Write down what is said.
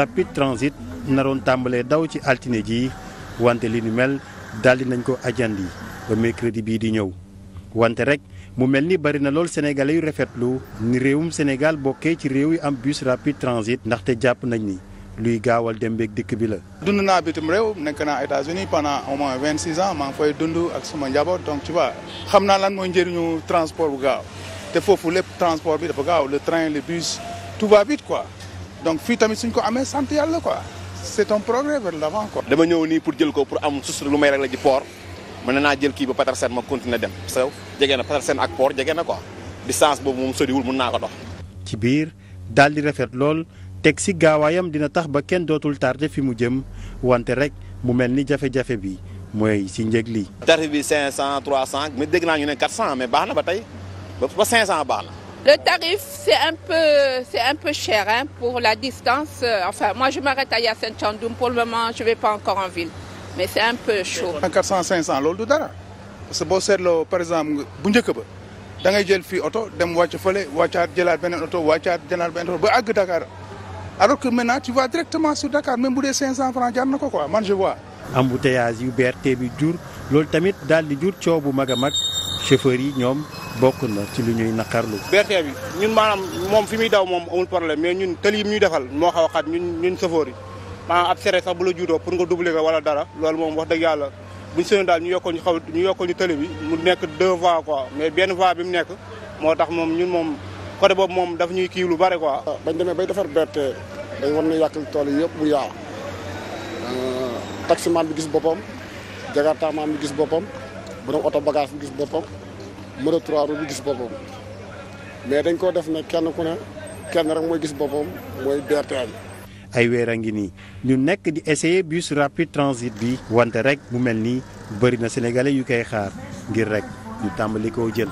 rapid transit naroon tàmbalee daw ci altine ji wante li nu mel daldi nañ ko ajandi ba mercredi bii di ñëw wante rek mu mel ni bari na lool sénégalais yu rafetlu ni réewum senegal bokkee ci réew yi am bus rapid transit ndaxte jàpp nañ ni luy gaawal dem beeg dikk bi la. dund naa bitim réew nekk na États-Unis pendant au moins vingt six ans maa ngi fay dund ak suma njaboot donc tu vois xam naa lan mooy njëriñu transport bu gaaw te foofu lépp transport bi dafa gaaw le le bus tout va vite donc fii tamit suñ ko amee sant yàlla quoi c'est un progrès la l'avant quoi. dama ñëw nii pour jël ko pour am sus lu may rek la ji port mën na naa jël kii ba Petersen ma continuer dem parce que jege na Petersen ak port jege na quoi distance boobu moom soriwul mun naa ko dox. ci biir daal di rafet lool teg si gaawaayam dina tax ba kenn dootul tardé fi mu jëm wante rek mu mel ni jafe-jafe bi mooy si njëg lii. tarif bi 500 300 mais dégg naa ñu ne 400 mais baax na ba tey ba 500 baax na. Le tarif, c'est un peu, c'est un cher pour la distance. Euh, enfin, moi, je m'arrête à Yacine Thiandoum. Pour le moment, je vais pas encore en ville. Mais c'est un peu chaud. 400 500 loolu du dara parce que boo seetloo par exemple bu njëkk ba da ngay jël fii oto dem wàcc fële wàccaat jëlaat beneen oto wàccaat jëlaat beneen oto ba àgg Dakar alors que maintenant tu vas directement sur Dakar même bu dee 500 francs jar na ko quoi man je vois. embouteillage yu BRT bi jur loolu tamit daal di jur coow bu mag a mag chauffeurs yi ñoom. bokk na ci lu ñuy naqarlu BRT bi ñun maanaam moom fi muy daw moom amul problème mais ñun tëli yi ñuy defal moo xaw a xat ñun ñun safoor yi maanaam ab sere sax bu la juutoo pour nga doubler ko wala dara loolu moom wax dëgg yàlla buñ seen daal ñu yokkoo ñu xaw ñu yokkoo ñu tëli bi mu nekk deux voies ko mais benn voie bi mu nekk moo tax moom ñun moom côté boobu moom daf ñuy kii lu bare ko bañ demee bay defar BRT dañ war na yàqal tool yi yëpp mu yaaw euh, taximan bi gis boppam jakartaman bi gis boppam borom oto bagage gis boppam mën a gis boppam mais dañ ko def ne kenn ku ne kenn rek mooy gis boppam mooy BRT bi ay weer a ngi nii ñu nekk di essayer bus rapide transit bi wante rek mu mel nii bëri na sénégalais yu koy xaar ngir rek ñu tàmbali koo jël